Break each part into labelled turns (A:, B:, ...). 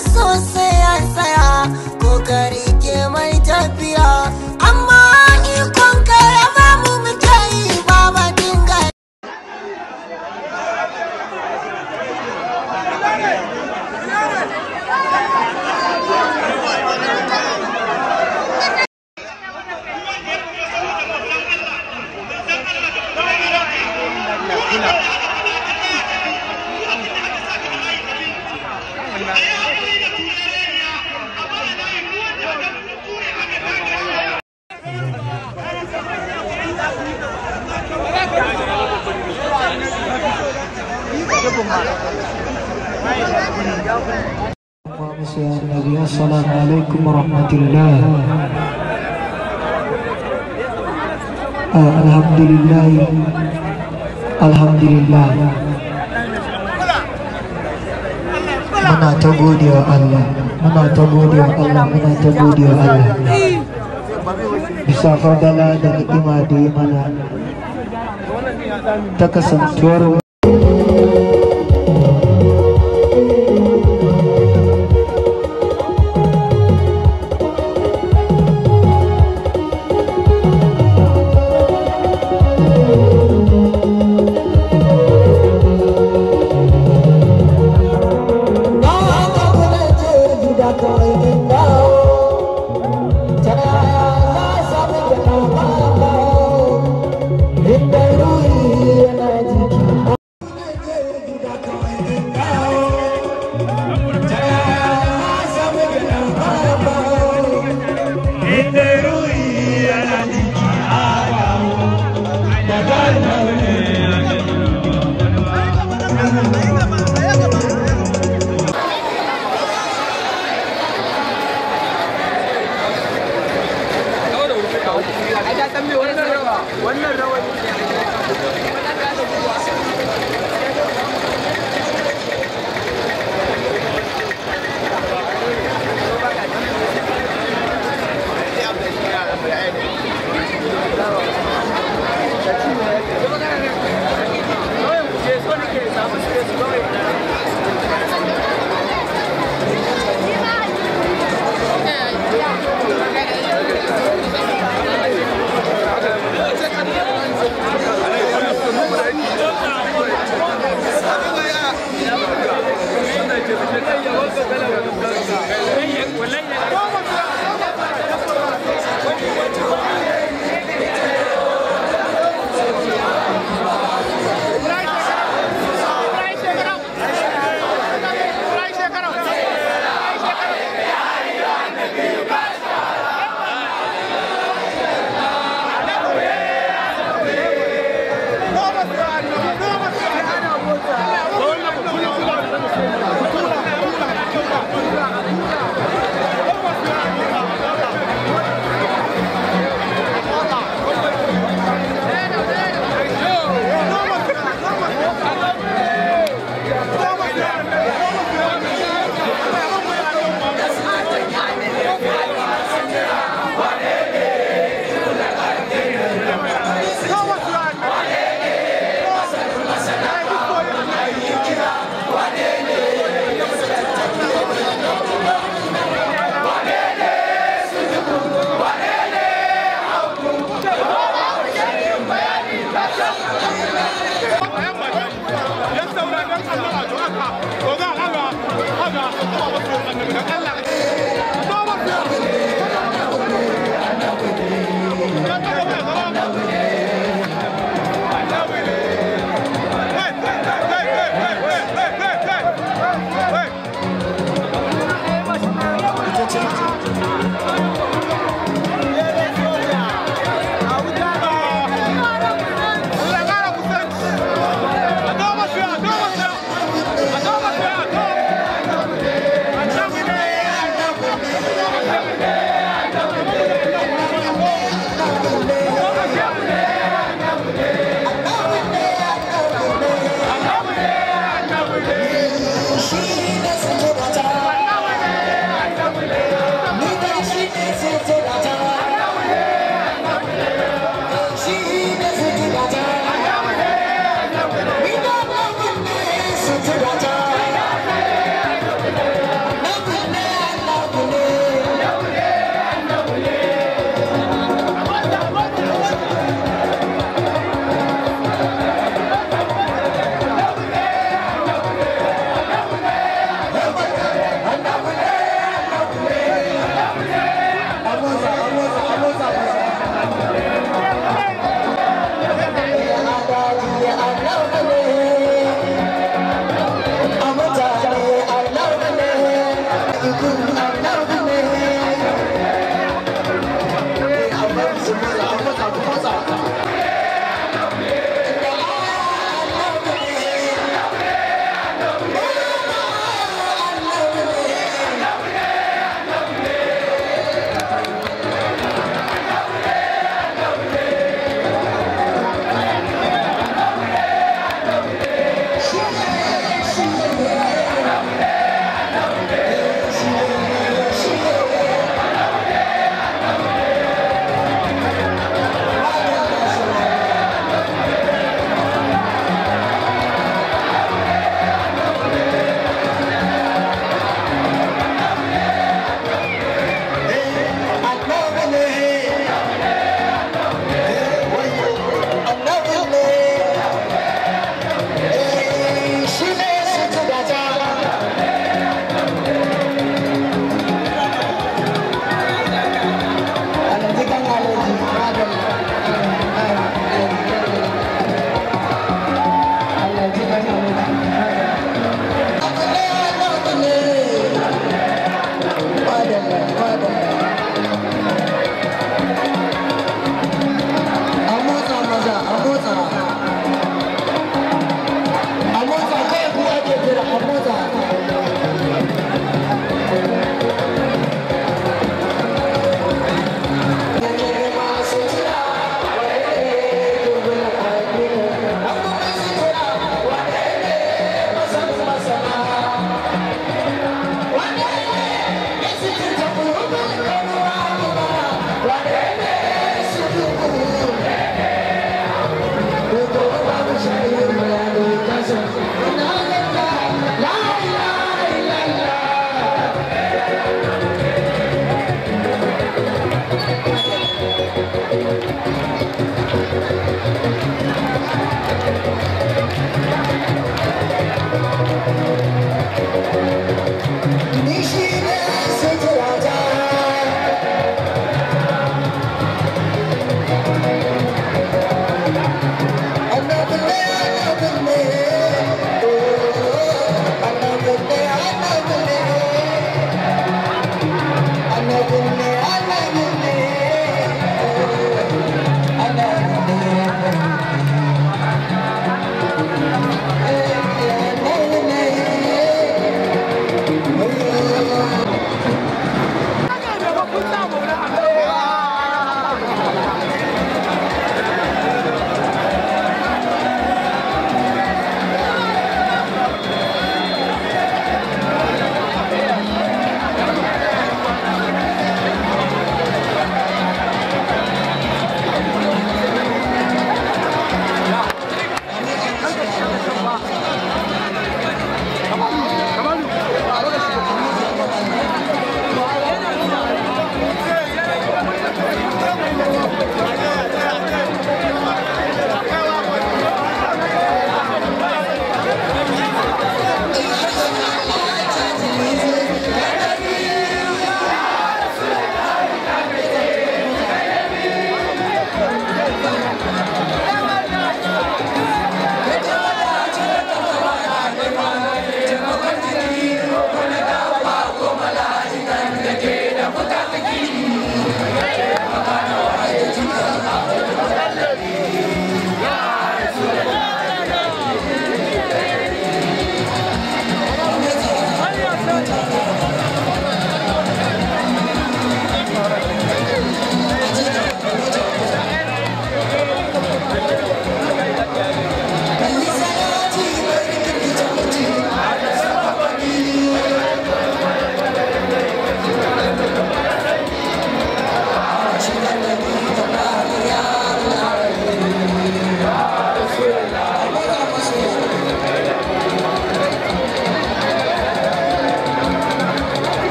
A: so sad. gode wa Allah bisa fadala da ni'ima da mana
B: ta kasantuwar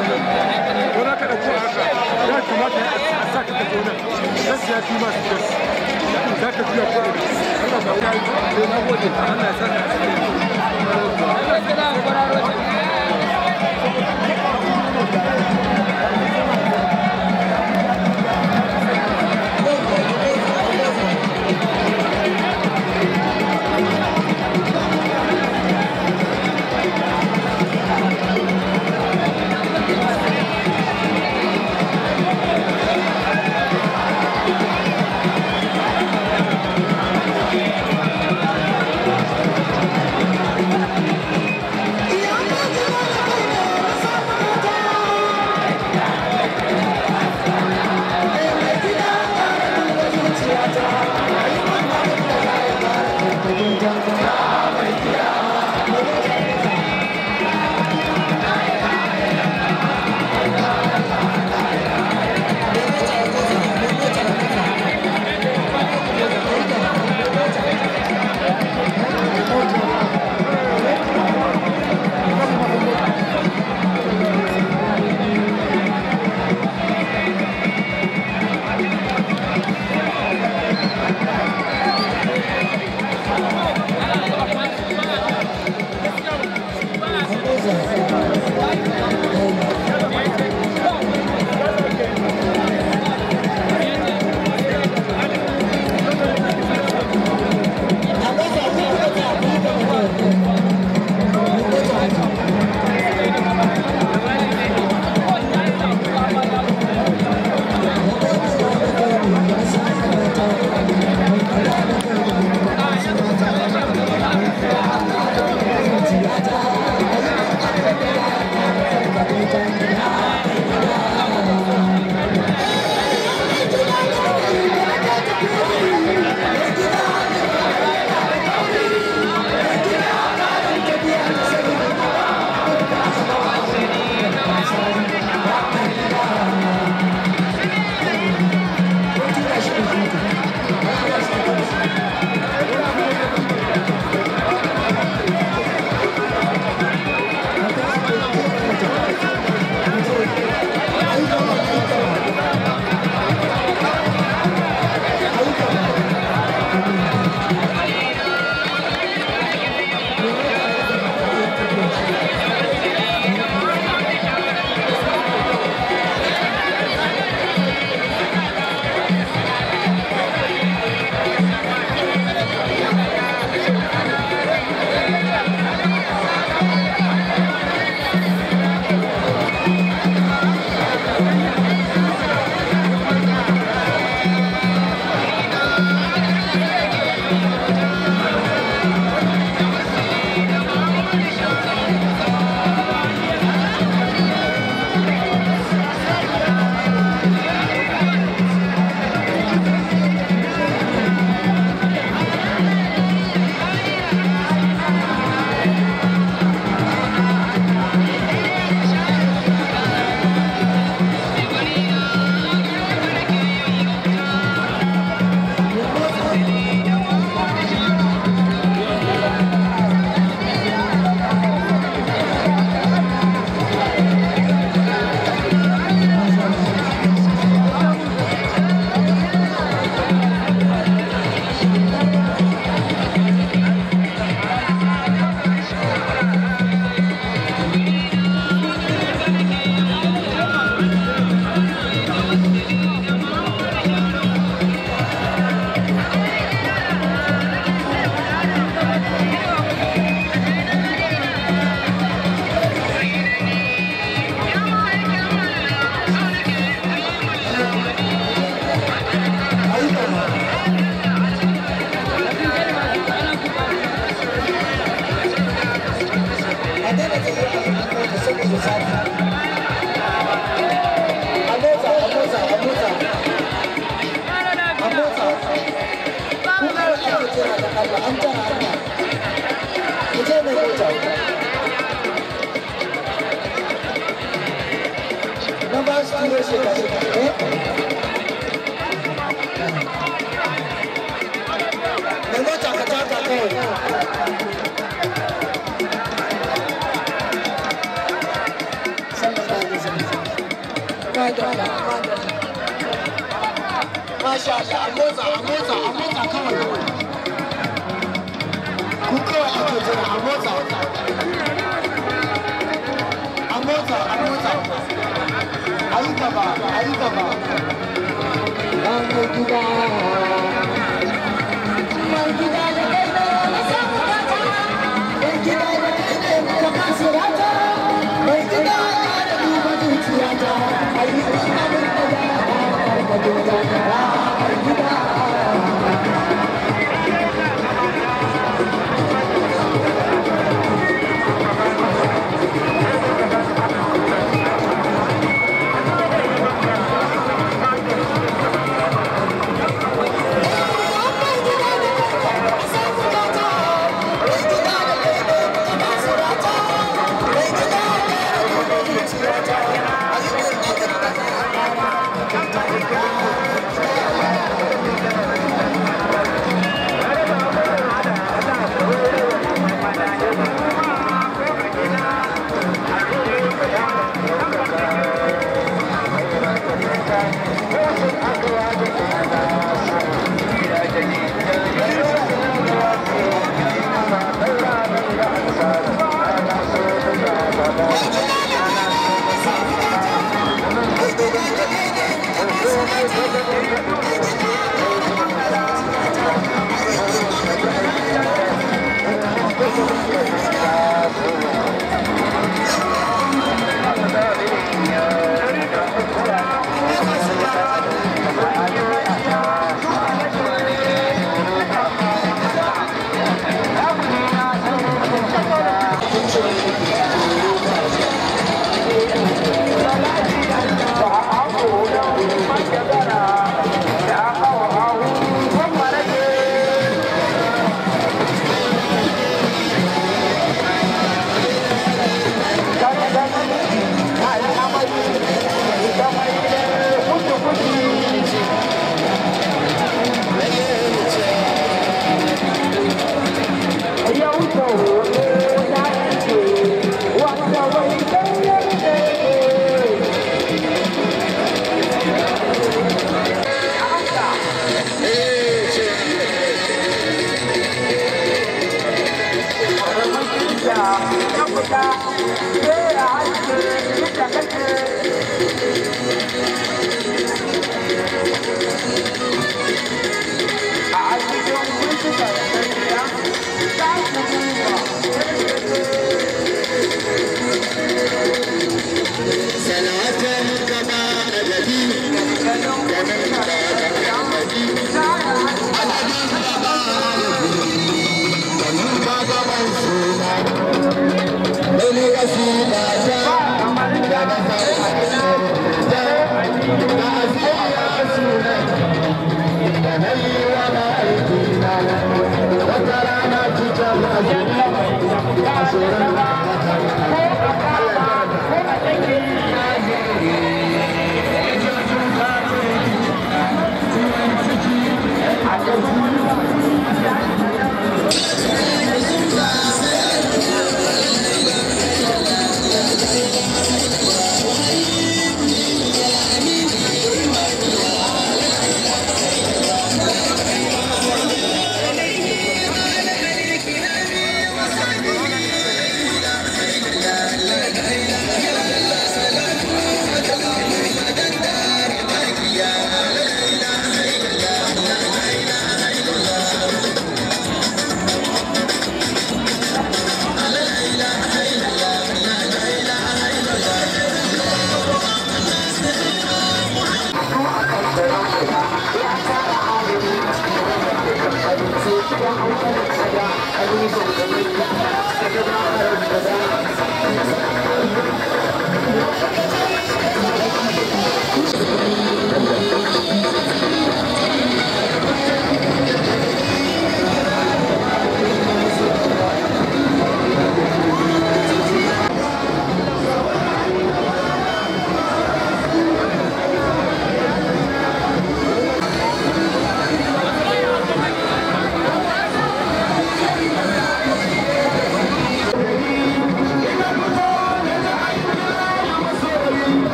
A: ko za ka ɗauko haka ya kamata a sa ka tafi nan zan ya fi masu gas za ka fiya ko da Allah ba wani sai na gode Allah ya sa ka cikin けたから Obrigado.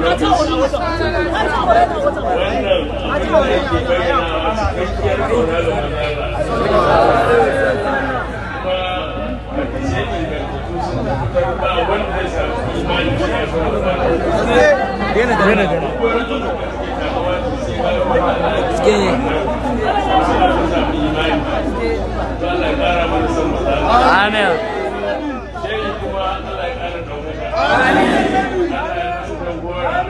A: Gene gene gene.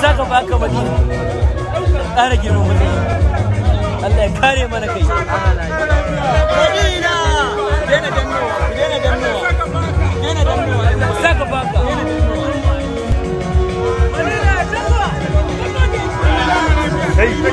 A: saka baka madina ƙara gino madina Allah ya kare mana kai madina dena dannowa dena dannowa dena dannowa saka baka ¡Ey!